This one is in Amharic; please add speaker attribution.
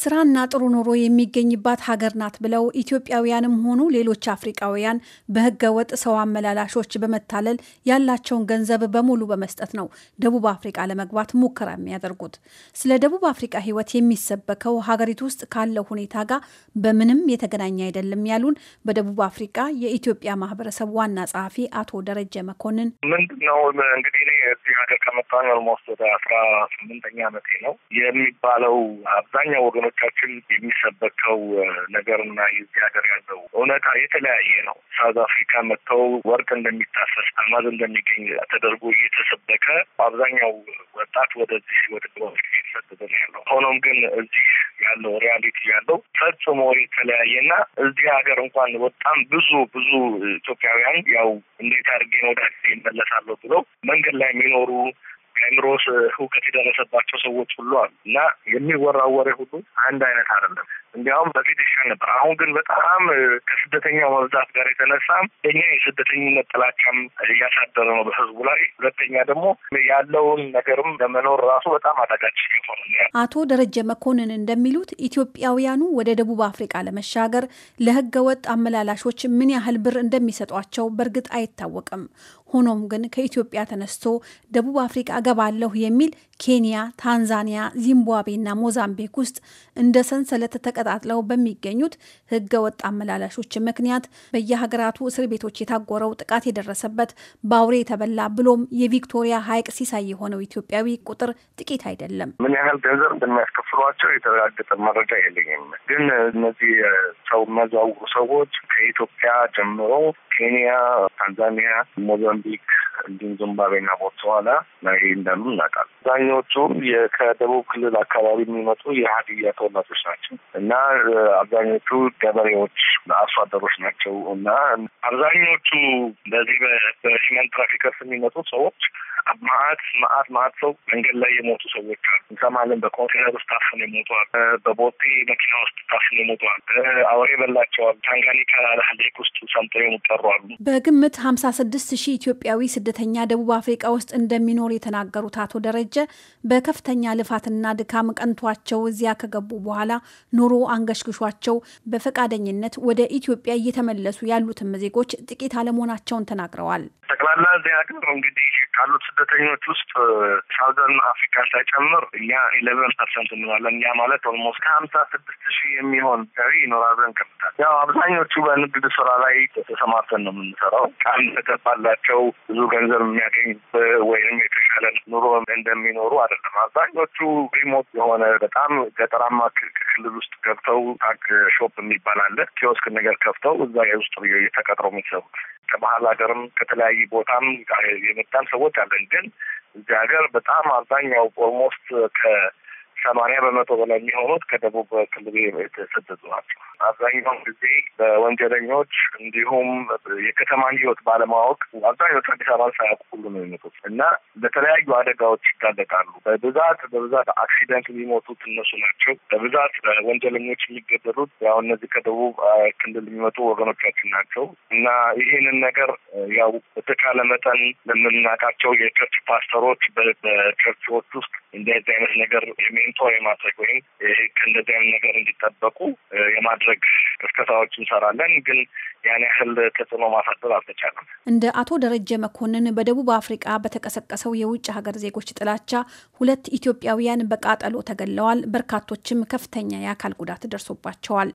Speaker 1: ስራና ጥሩ ኑሮ የሚገኝባት ሀገር ናት ብለው ኢትዮጵያውያንም ሆኑ ሌሎች አፍሪቃውያን በህገ ወጥ ሰው አመላላሾች በመታለል ያላቸውን ገንዘብ በሙሉ በመስጠት ነው ደቡብ አፍሪቃ ለመግባት ሙከራ የሚያደርጉት። ስለ ደቡብ አፍሪቃ ህይወት የሚሰበከው ሀገሪቱ ውስጥ ካለው ሁኔታ ጋር በምንም የተገናኘ አይደለም ያሉን በደቡብ አፍሪቃ የኢትዮጵያ ማህበረሰብ ዋና ጸሐፊ አቶ ደረጀ መኮንን
Speaker 2: ምንድን ነው እንግዲህ እዚህ ሀገር ከመጣን ኦልሞስት ወደ አስራ ስምንተኛ ዓመቴ ነው የሚባለው አብዛኛው ወገኖች በአካባቢዎቻችን የሚሰበከው ነገርና የዚህ ሀገር ያለው እውነታ የተለያየ ነው። ሳውዝ አፍሪካ መጥተው ወርቅ እንደሚታፈስ አልማዝ እንደሚገኝ ተደርጎ እየተሰበከ አብዛኛው ወጣት ወደዚህ ወደ የተሰደደ ነው ያለው። ሆኖም ግን እዚህ ያለው ሪያሊቲ ያለው ፈጽሞ የተለያየና እዚህ ሀገር እንኳን በጣም ብዙ ብዙ ኢትዮጵያውያን ያው እንዴት አድርጌ ነው ወደ ብለው መንገድ ላይ የሚኖሩ የአእምሮ እውቀት የደረሰባቸው ሰዎች ሁሉ አሉ እና የሚወራው ወሬ ሁሉ አንድ አይነት አይደለም። እንዲያውም በፊት ይሻል ነበር። አሁን ግን በጣም ከስደተኛው መብዛት ጋር የተነሳ እኛ የስደተኝነት ጥላቻም እያሳደረ ነው በህዝቡ ላይ። ሁለተኛ ደግሞ ያለውን ነገርም ለመኖር ራሱ በጣም አዳጋች ሆነ።
Speaker 1: አቶ ደረጀ መኮንን እንደሚሉት ኢትዮጵያውያኑ ወደ ደቡብ አፍሪቃ ለመሻገር ለህገ ወጥ አመላላሾች ምን ያህል ብር እንደሚሰጧቸው በእርግጥ አይታወቅም። ሆኖም ግን ከኢትዮጵያ ተነስቶ ደቡብ አፍሪካ ገባለሁ የሚል ኬንያ፣ ታንዛኒያ፣ ዚምባብዌና ሞዛምቢክ ውስጥ እንደ ሰንሰለት ተቀጣጥለው በሚገኙት ህገ ወጥ አመላላሾች ምክንያት በየሀገራቱ እስር ቤቶች የታጎረው ጥቃት የደረሰበት በአውሬ የተበላ ብሎም የቪክቶሪያ ሐይቅ ሲሳይ የሆነው ኢትዮጵያዊ ቁጥር ጥቂት አይደለም። ምን ያህል
Speaker 2: ገንዘብ እንደሚያስከፍሏቸው የተረጋገጠ መረጃ የለኝም። ግን እነዚህ ሰው የሚያዘዋውሩ ሰዎች ከኢትዮጵያ ጀምሮ Kenya, Tanzania, Mozambique, እንዲሁም ዚምባብዌና ቦትስዋና ላይ እንዳሉ እናውቃለን። አብዛኛዎቹ ከደቡብ ክልል አካባቢ የሚመጡ የሀዲያ ተወላጆች ናቸው እና አብዛኞቹ ገበሬዎች፣ አርሶ አደሮች ናቸው እና አብዛኞቹ በዚህ በሂመን ትራፊከርስ የሚመጡ ሰዎች ማአት ማአት ማአት ሰው መንገድ ላይ የሞቱ ሰዎች አሉ እንሰማለን። በኮንቴነር ውስጥ ታፍነው የሞተዋል። በቦቴ መኪና ውስጥ ታፍነው የሞተዋል። አውሬ በላቸዋል። ታንጋኒካ ሀይቅ ውስጥ ሰምጠው የሞቱ አሉ።
Speaker 1: በግምት ሀምሳ ስድስት ሺህ ኢትዮጵያዊ ስደ ስደተኛ ደቡብ አፍሪቃ ውስጥ እንደሚኖር የተናገሩት አቶ ደረጀ በከፍተኛ ልፋትና ድካም ቀንቷቸው እዚያ ከገቡ በኋላ ኑሮ አንገሽግሿቸው በፈቃደኝነት ወደ ኢትዮጵያ እየተመለሱ ያሉትም ዜጎች ጥቂት አለመሆናቸውን ተናግረዋል።
Speaker 2: ጠቅላላ እዚህ ሀገር እንግዲህ ካሉት ስደተኞች ውስጥ ሳውዘርን አፍሪካ ሳይጨምር እኛ ኢሌቨን ፐርሰንት እንላለን። እኛ ማለት ኦልሞስት ከሀምሳ ስድስት ሺህ የሚሆን ገቢ ይኖራል ብለን ያው አብዛኞቹ በንግድ ስራ ላይ ተሰማርተን ነው የምንሰራው። ቃል ተገባላቸው ብዙ ገንዘብ የሚያገኝ ወይም የተሻለ ኑሮ እንደሚኖሩ አይደለም። አብዛኞቹ ሪሞት የሆነ በጣም ገጠራማ ክልል ውስጥ ገብተው ታክ ሾፕ የሚባል አለ ኪዮስክ ነገር ከፍተው እዛ ውስጥ እየተቀጥረው የሚሰሩ ከባህል ሀገርም ከተለያየ ቦታም የመጣን ሰዎች አለን። ግን እዚህ ሀገር በጣም አብዛኛው ኦልሞስት ከሰማንያ በመቶ በላይ የሚሆኑት ከደቡብ ክልል የተሰደዱ ናቸው። አብዛኛውን ጊዜ በወንጀለኞች እንዲሁም የከተማን ህይወት ባለማወቅ አብዛኞቹ አዲስ አበባን ሳያውቁ ሁሉ ነው የሚመጡት። እና በተለያዩ አደጋዎች ይጋለጣሉ። በብዛት በብዛት አክሲደንት የሚሞቱት እነሱ ናቸው። በብዛት ወንጀለኞች የሚገደሉት ያው እነዚህ ከደቡብ ክልል የሚመጡ ወገኖቻችን ናቸው እና ይህንን ነገር ያው በተቻለ መጠን ለምናውቃቸው የቸርች ፓስተሮች በቸርችዎች ውስጥ እንደዚህ አይነት ነገር የሜንቶ የማድረግ ወይም ከእንደዚህ አይነት ነገር እንዲጠበቁ የማድረግ ቅስቀሳዎች እንሰራለን፣ ግን ያን ያህል ተጽዕኖ ማሳደር አልተቻለም።
Speaker 1: እንደ አቶ ደረጀ መኮንን በደቡብ አፍሪቃ በተቀሰቀሰው የውጭ ሀገር ዜጎች ጥላቻ ሁለት ኢትዮጵያውያን በቃጠሎ ተገለዋል። በርካቶችም ከፍተኛ የአካል ጉዳት ደርሶባቸዋል።